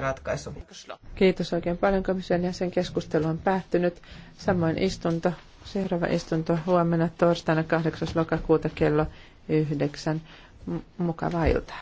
ratkaisu. Kiitos oikein paljon komission ja sen keskustelu on päättynyt. Samoin istunto, seuraava istunto huomenna torstaina 8. lokakuuta kello 9. M- mukavaa iltaa.